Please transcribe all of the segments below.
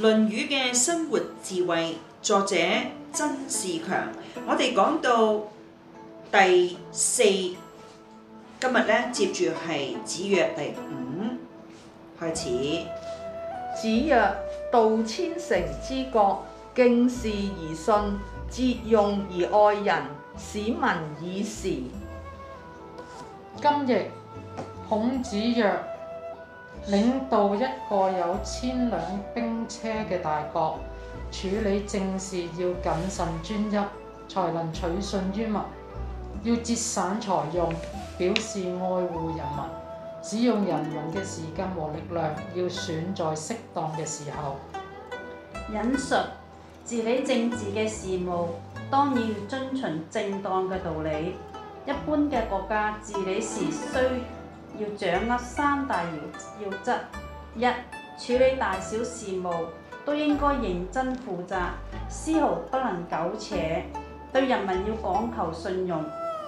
《論語》嘅生活智慧，作者曾仕強。我哋講到第四，今日咧接住係子曰第五開始。子曰：道千乘之國，敬事而信，節用而愛人，使民以時。今日孔子曰。領導一個有千輛兵車嘅大國，處理政事要謹慎專一，才能取信於民；要節省財用，表示愛護人民；使用人民嘅時間和力量，要選在適當嘅時候。引述治理政治嘅事務，當然要遵循正當嘅道理。一般嘅國家治理時需要掌握三大要要則：一、處理大小事務都應該認真負責，絲毫不能苟且；對人民要講求信用，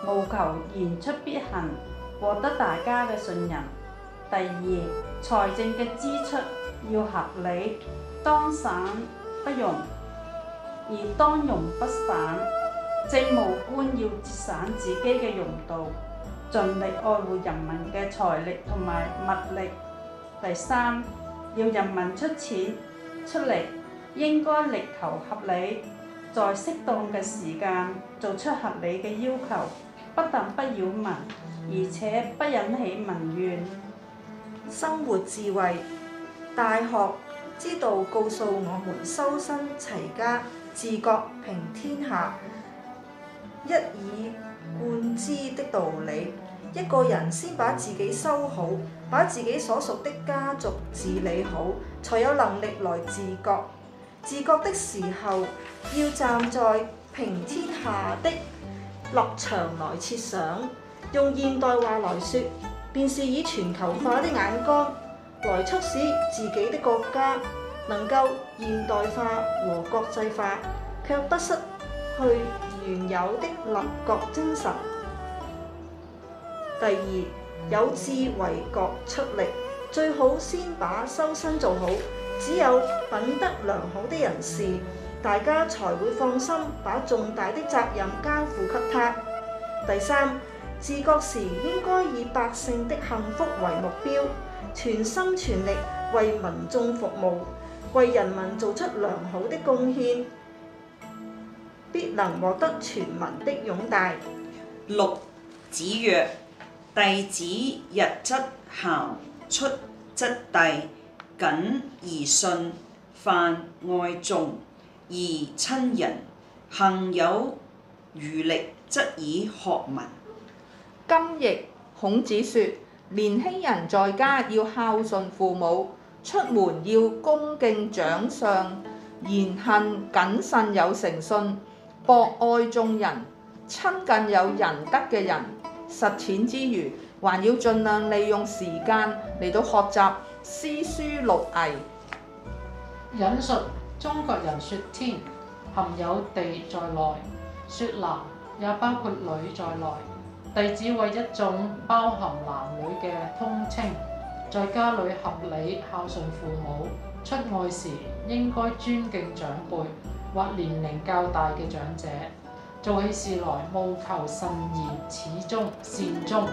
務求言出必行，獲得大家嘅信任。第二，財政嘅支出要合理，當省不用，而當用不省。政務官要節省自己嘅用度。盡力愛護人民嘅財力同埋物力。第三，要人民出錢出力，應該力求合理，在適當嘅時間做出合理嘅要求，不但不擾民，而且不引起民怨。生活智慧，大學之道告訴我們：修身齊家，治國平天下。一以貫知的道理，一個人先把自己修好，把自己所屬的家族治理好，才有能力來治國。治國的時候，要站在平天下的立場來設想。用現代話來說，便是以全球化的眼光來促使自己的國家能夠現代化和國際化，卻不失去，原有的立國精神。第二，有志為國出力，最好先把修身做好。只有品德良好的人士，大家才會放心把重大的責任交付給他。第三，治國時應該以百姓的幸福為目標，全心全力為民眾服務，為人民做出良好的貢獻。必能獲得全民的擁戴。六子曰：弟子日則孝，出則弟，謹而信，泛愛眾，而親仁。行有餘力，則以學文。今亦孔子說：年輕人在家要孝順父母，出門要恭敬長上，言行謹慎有誠信。博愛眾人，親近有仁德嘅人，實踐之餘，還要盡量利用時間嚟到學習詩書六藝。引述中國人說天含有地在內，說男也包括女在內，弟子為一種包含男女嘅通稱。在家裏合理孝順父母，出外時應該尊敬長輩。或年齡較大嘅長者，做起事來務求慎言、始終善終，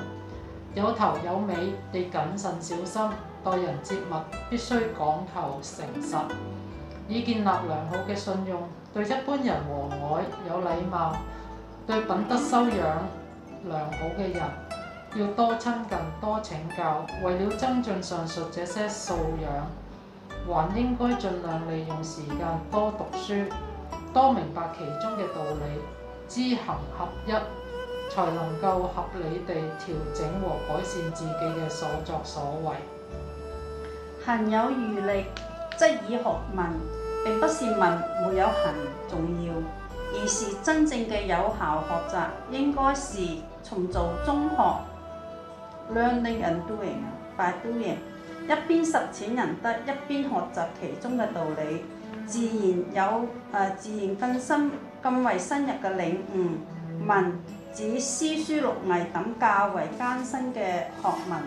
有頭有尾地謹慎小心，待人接物必須講求誠實，以建立良好嘅信用。對一般人和藹有禮貌，對品德修養良好嘅人，要多親近、多請教。為了增進上述這些素養，還應該儘量利用時間多讀書。多明白其中嘅道理，知行合一，才能夠合理地調整和改善自己嘅所作所為。行有餘力，則以學問，並不是問沒有行重要，而是真正嘅有效學習，應該是從做中學。learning and doing, by doing. 一邊實踐仁德，一邊學習其中嘅道理。自然有誒、呃，自然更深、更為深入嘅領悟。文指詩書六藝等較為艱辛嘅學問，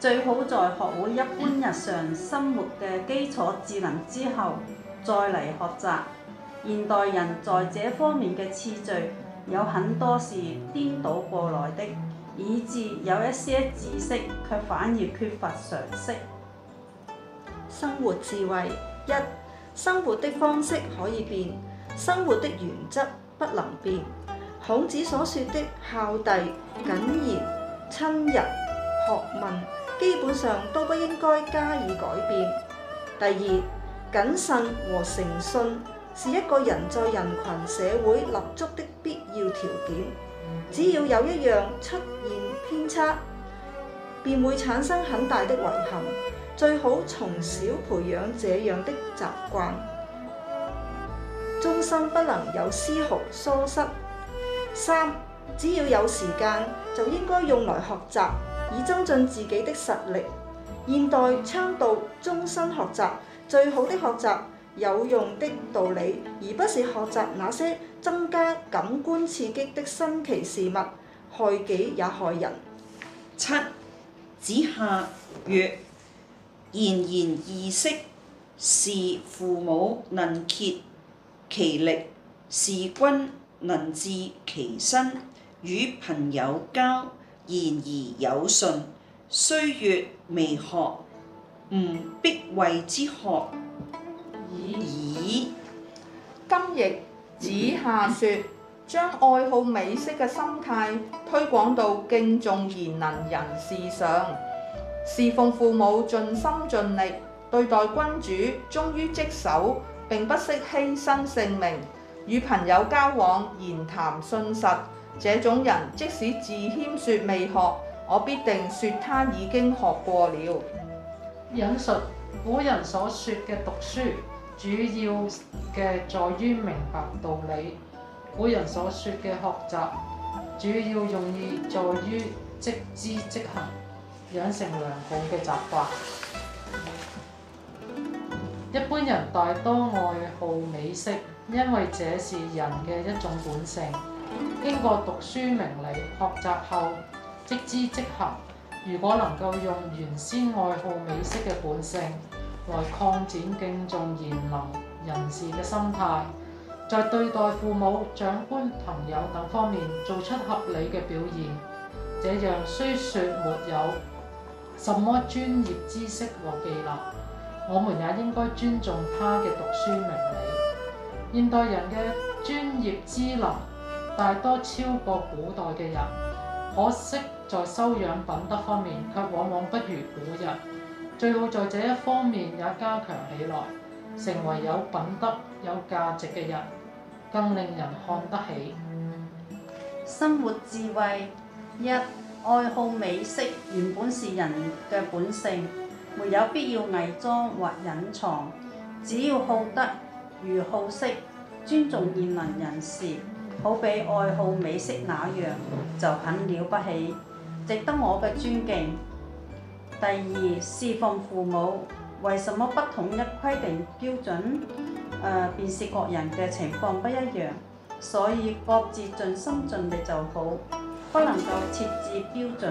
最好在學會一般日常生活嘅基礎技能之後再嚟學習。現代人在這方面嘅次序有很多是顛倒過來的，以致有一些知識卻反而缺乏常識。生活智慧一。生活的方式可以變，生活的原則不能變。孔子所說的孝弟、謹言、親仁、學問，基本上都不應該加以改變。第二，謹慎和誠信是一個人在人群社會立足的必要條件。只要有一樣出現偏差，便會產生很大的遺憾，最好從小培養這樣的習慣，終生不能有絲毫疏失。三，只要有時間，就應該用來學習，以增進自己的實力。現代倡導終生學習，最好的學習有用的道理，而不是學習那些增加感官刺激的新奇事物，害己也害人。七。子夏曰：賢賢易色，事父母能竭其力；事君能致其身，與朋友交言而有信。雖曰未學，吾必謂之學矣。今亦子夏說。嗯將愛好美色嘅心態推廣到敬重賢能人士上，侍奉父母盡心盡力，對待君主忠於職守，並不惜犧牲性命，與朋友交往言談信實。這種人即使自謙說未學，我必定說他已經學過了。引述古人所說嘅讀書，主要嘅在於明白道理。古人所說嘅學習，主要用意在於即知即行，養成良好嘅習慣。 一般人大多愛好美式，因為這是人嘅一種本性。經過讀書明理、學習後，即知即行，如果能夠用原先愛好美式嘅本性，來擴展敬重賢能人士嘅心態。在對待父母、長官、朋友等方面做出合理嘅表現，這樣雖說沒有什麼專業知識和技能，我們也應該尊重他嘅讀書明理。現代人嘅專業知能大多超過古代嘅人，可惜在修養品德方面卻往往不如古人。最好在這一方面也加強起來，成為有品德、有價值嘅人。更令人看得起。生活智慧一，愛好美色原本是人嘅本性，沒有必要偽裝或隱藏。只要好德如好色，尊重賢能人士，好比愛好美色那樣就很了不起，值得我嘅尊敬。第二，侍奉父母為什麼不統一規定標準？呃，便是各人嘅情況不一樣，所以各自盡心盡力就好，不能夠設置標準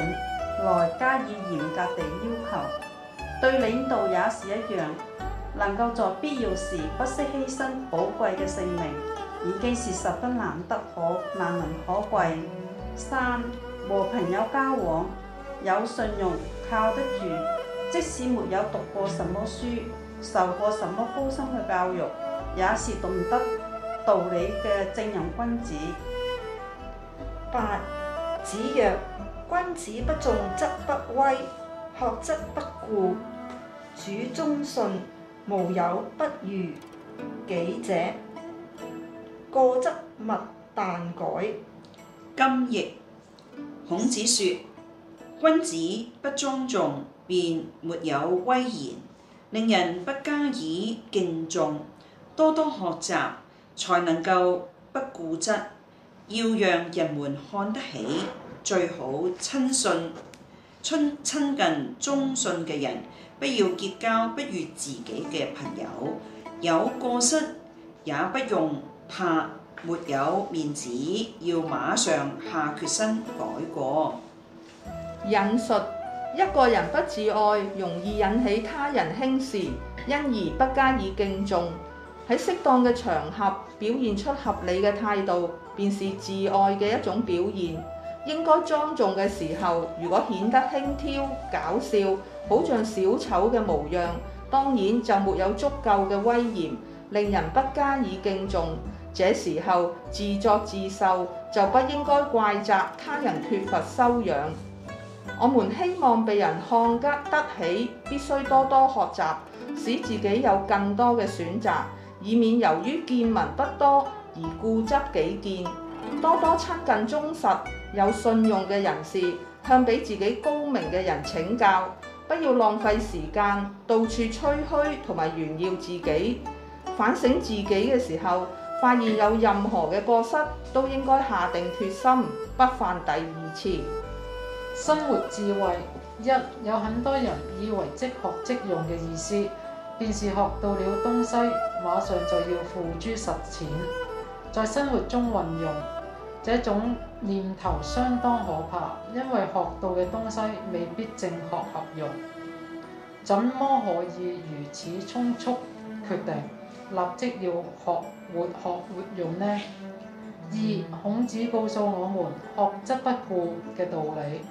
來加以嚴格地要求。對領導也是一樣，能夠在必要時不惜犧牲寶貴嘅性命，已經是十分難得可難能可貴。三，和朋友交往有信用靠得住，即使沒有讀過什麼書，受過什麼高深嘅教育，也是懂得道理嘅正人君子。八，子曰：君子不重則不威，學則不固。主忠信，無友不如己者。過則勿憚改。今譯，孔子說：君子不莊重，便沒有威嚴，令人不加以敬重。多多學習，才能夠不固執。要讓人們看得起，最好親信、親近、忠信嘅人。不要結交不如自己嘅朋友。有過失也不用怕沒有面子，要馬上下決心改過。引述一個人不自愛，容易引起他人輕視，因而不加以敬重。喺適當嘅場合表現出合理嘅態度，便是自愛嘅一種表現。應該莊重嘅時候，如果顯得輕佻搞笑，好像小丑嘅模樣，當然就沒有足夠嘅威嚴，令人不加以敬重。這時候自作自受，就不應該怪責他人缺乏修養。我們希望被人看得起，必須多多學習，使自己有更多嘅選擇。以免由於見聞不多而固執己見，多多親近忠實有信用嘅人士，向比自己高明嘅人請教，不要浪費時間，到處吹噓同埋炫耀自己。反省自己嘅時候，發現有任何嘅過失，都應該下定決心，不犯第二次。生活智慧一，有很多人以為即學即用嘅意思。便是學到了東西，馬上就要付諸實踐，在生活中運用。這種念頭相當可怕，因為學到嘅東西未必正確合用。怎麼可以如此匆促決定，立即要學活學活用呢？二，孔子告訴我們學則不固嘅道理，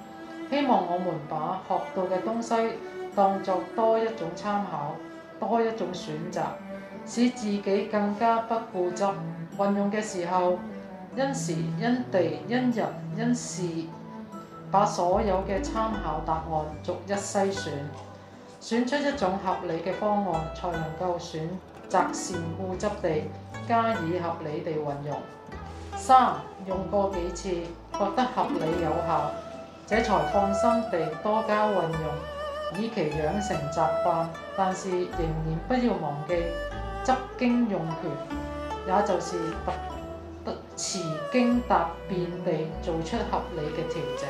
希望我們把學到嘅東西當作多一種參考。多一種選擇，使自己更加不固執。運用嘅時候，因時、因地、因人、因事，把所有嘅參考答案逐一篩選，選出一種合理嘅方案，才能夠選擇善固執地加以合理地運用。三，用過幾次，覺得合理有效，這才放心地多加運用。以其養成習慣，但是仍然不要忘記，執經用權，也就是得得持經達變地做出合理嘅調整。